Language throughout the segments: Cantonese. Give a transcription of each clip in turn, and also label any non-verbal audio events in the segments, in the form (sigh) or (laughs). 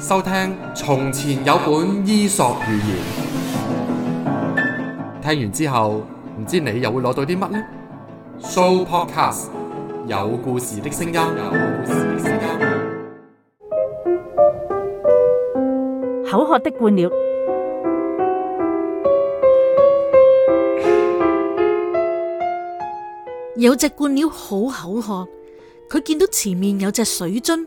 收聽從前有本伊索寓言，聽完之後唔知你又會攞到啲乜呢？Sooopodcast 有故事的聲音，口渴的冠鳥，有隻冠鳥好口渴，佢見到前面有隻水樽。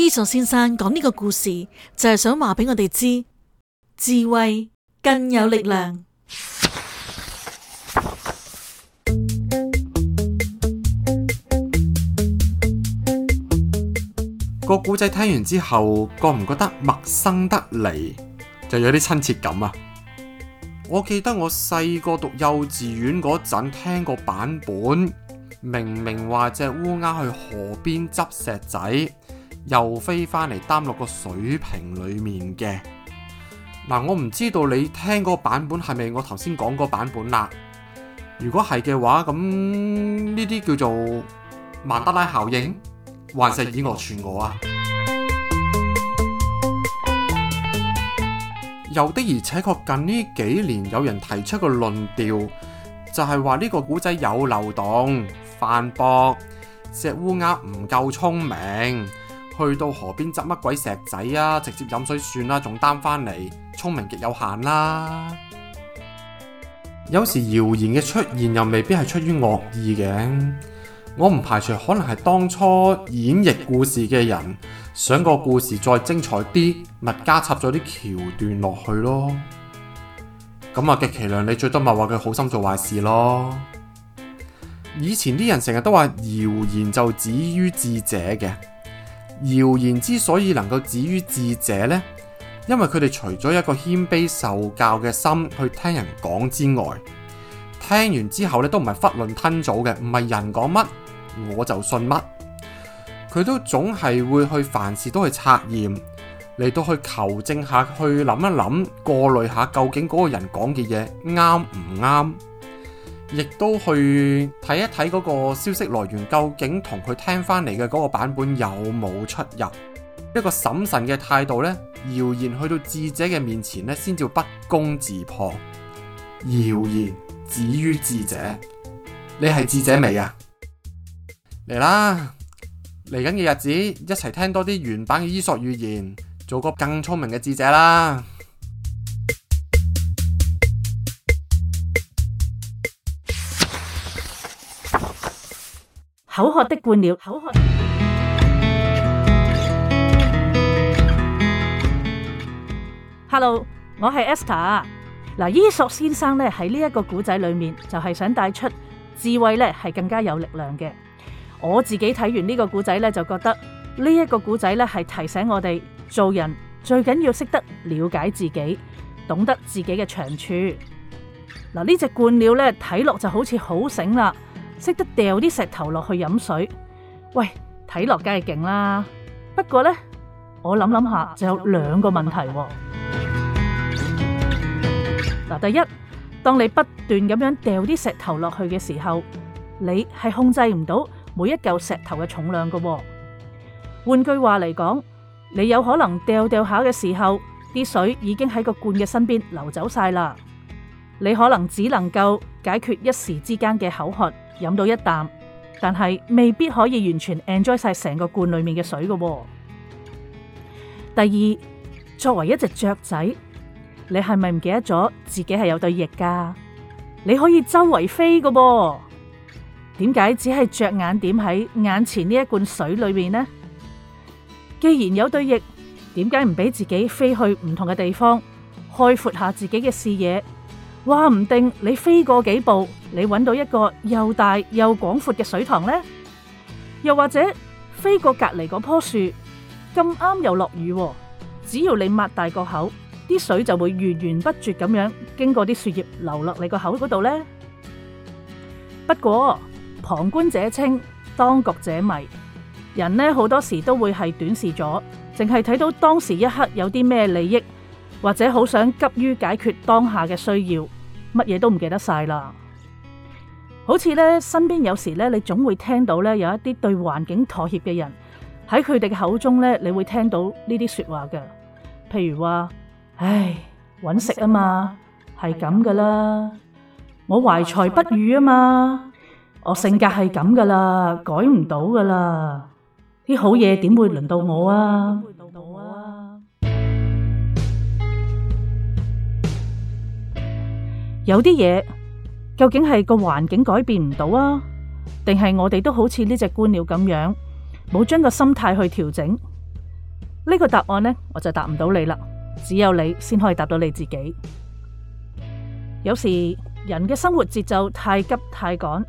伊索先生講呢個故事就係想話俾我哋知，智慧更有力量。個古仔，聽完之後，覺唔覺得陌生得嚟，就有啲親切感啊？我記得我細個讀幼稚園嗰陣聽過版本，明明話隻烏鴉去河邊執石仔。又飛翻嚟擔落個水瓶裏面嘅。嗱、啊，我唔知道你聽個版本係咪我頭先講個版本啦。如果係嘅話，咁呢啲叫做曼德拉效應，還是以訛傳訛啊？又、嗯、的而且確，近呢幾年有人提出個論調，就係話呢個古仔有漏洞，反駁石，烏鴉唔夠聰明。去到河邊執乜鬼石仔啊，直接飲水算啦，仲擔返嚟，聰明極有限啦。有時謠言嘅出現又未必係出於惡意嘅，我唔排除可能係當初演繹故事嘅人想個故事再精彩啲，咪加插咗啲橋段落去咯。咁啊，極其量你最多咪話佢好心做壞事咯。以前啲人成日都話謠言就止於智者嘅。謠言之所以能夠止於智者呢？因為佢哋除咗一個謙卑受教嘅心去聽人講之外，聽完之後咧都唔係忽論吞棗嘅，唔係人講乜我就信乜，佢都總係會去凡事都去測驗嚟到去求證一下，下去諗一諗，過濾下究竟嗰個人講嘅嘢啱唔啱。亦都去睇一睇嗰個消息來源究竟同佢聽翻嚟嘅嗰個版本有冇出入，一個審慎嘅態度呢，謠言去到智者嘅面前呢，先至不攻自破。謠言止於智者，你係智者未啊？嚟啦，嚟緊嘅日子一齊聽多啲原版嘅伊索寓言，做個更聰明嘅智者啦！口渴的冠鳥。Hello，我係 Esther。嗱，伊索先生咧喺呢一個古仔裏面，就係想帶出智慧咧係更加有力量嘅。我自己睇完呢個古仔咧，就覺得呢一、這個古仔咧係提醒我哋做人最緊要識得了解自己，懂得自己嘅長處。嗱，呢隻冠鳥咧睇落就好似好醒啦。識得掉啲石頭落去飲水，喂，睇落梗係勁啦。不過呢，我諗諗下，就有兩個問題。嗱，第一，當你不斷咁樣掉啲石頭落去嘅時候，你係控制唔到每一嚿石頭嘅重量㗎。換句話嚟講，你有可能掉掉下嘅時候，啲水已經喺個罐嘅身邊流走晒啦。你可能只能夠解決一時之間嘅口渴。飲到一啖，但係未必可以完全 enjoy 晒成個罐裏面嘅水嘅。第二，作為一隻雀仔，你係咪唔記得咗自己係有對翼噶？你可以周圍飛嘅噃。點解只係着眼點喺眼前呢一罐水裏面呢？既然有對翼，點解唔俾自己飛去唔同嘅地方，開闊下自己嘅視野？話唔定你飛過幾步，你搵到一個又大又廣闊嘅水塘呢？又或者飛過隔離嗰棵樹咁啱又落雨，只要你擘大個口，啲水就會源源不絕咁樣經過啲樹葉流落你個口嗰度呢。不過旁觀者清，當局者迷，人呢好多時都會係短視咗，淨係睇到當時一刻有啲咩利益，或者好想急於解決當下嘅需要。乜嘢都唔記得晒啦，好似咧身邊有時咧，你總會聽到咧有一啲對環境妥協嘅人喺佢哋嘅口中咧，你會聽到呢啲說話嘅，譬如話，唉，搵食啊嘛，係咁噶啦，我懷才不遇啊嘛，我性格係咁噶啦，改唔到噶啦，啲好嘢點會輪到我啊？有啲嘢究竟係個環境改變唔到啊，定係我哋都好似呢隻冠鳥咁樣，冇將個心態去調整呢、呢個答案呢，我就答唔到你啦。只有你先可以答到你自己。有時人嘅生活節奏太急太趕，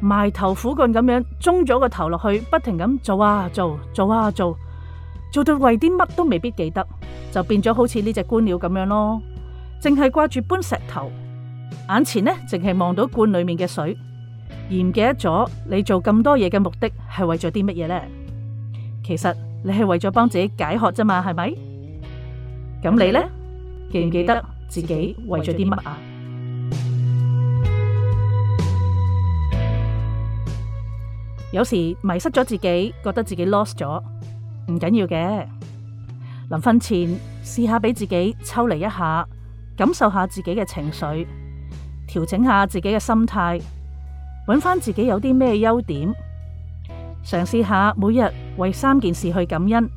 埋頭苦幹咁樣，中咗個頭落去，不停咁做啊做做啊做，做到為啲乜都未必記得，就變咗好似呢隻冠鳥咁樣咯，淨係掛住搬石頭。眼前呢，淨係望到罐裏面嘅水，而唔記得咗你做咁多嘢嘅目的係為咗啲乜嘢呢？其實你係為咗幫自己解渴啫嘛，係咪？咁你呢，記唔記得自己為咗啲乜啊？ (music) 有時迷失咗自己，覺得自己 lost 咗，唔緊要嘅。臨瞓前試下俾自己抽離一下，感受下自己嘅情緒。調整下自己嘅心態，揾翻自己有啲咩優點，嘗試下每日為三件事去感恩，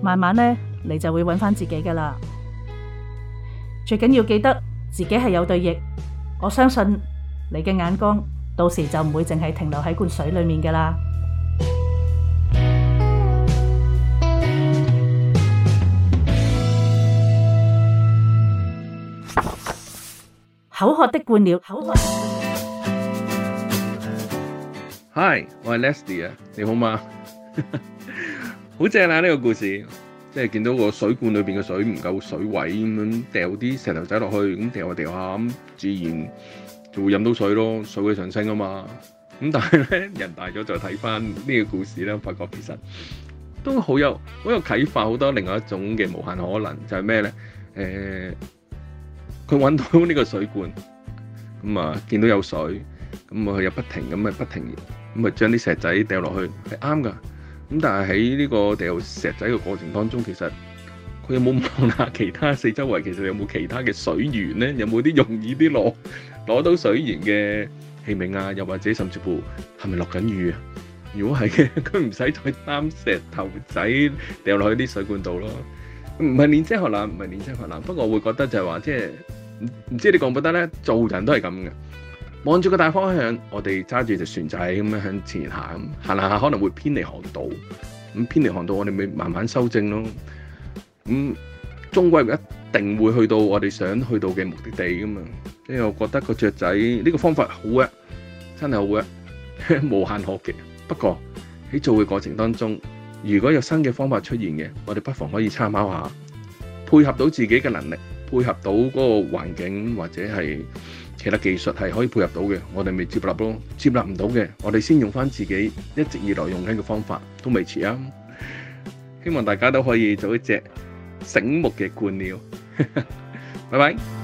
慢慢呢，你就會揾翻自己噶啦。最緊要記得自己係有對翼，我相信你嘅眼光到時就唔會淨係停留喺罐水裏面噶啦。口渴的冠鳥。Hi，我係 Lesdy 啊，你好嘛？好正啊，呢個故事，即係見到個水罐裏邊嘅水唔夠水位咁樣，掉啲石頭仔落去，咁掉下掉下咁，自然就會飲到水咯，水位上升啊嘛。咁但係咧，人大咗就睇翻呢個故事咧，我發覺其實都好有好有啟發，好多另外一種嘅無限可能，就係咩咧？誒、欸。佢揾到呢個水罐，咁啊見到有水，咁佢又不停咁不停咁啊將啲石仔掉落去，係啱㗎。咁但係喺呢個掉石仔嘅過程當中，其實佢有冇望下其他四周圍，其實有冇有其他嘅水源呢？有冇啲容易啲攞到水源嘅器皿啊？又或者甚至乎係咪落緊雨啊？如果係嘅，佢唔使再擔石頭仔掉落去啲水罐度咯。唔係亂遮學難，唔係亂遮學難。不過我會覺得就係話，即係唔知你覺唔覺得咧，做人都係咁嘅。望住個大方向，我哋揸住隻船仔咁樣向前行，行行下可能會偏離航道。咁、嗯、偏離航道，我哋咪慢慢修正咯。咁終歸一定會去到我哋想去到嘅目的地噶嘛。所以我覺得個雀仔呢個方法好叻，啊，真係好叻，啊， (laughs) 無限可嘅。不過喺做嘅過程當中，如果有新嘅方法出現嘅，我哋不妨可以參考下，配合到自己嘅能力，配合到嗰個環境或者係其他技術係可以配合到嘅，我哋咪接納咯。接納唔到嘅，我哋先用返自己一直以來用緊嘅方法，都未遲啊！希望大家都可以做一隻醒目嘅冠鳥。拜拜。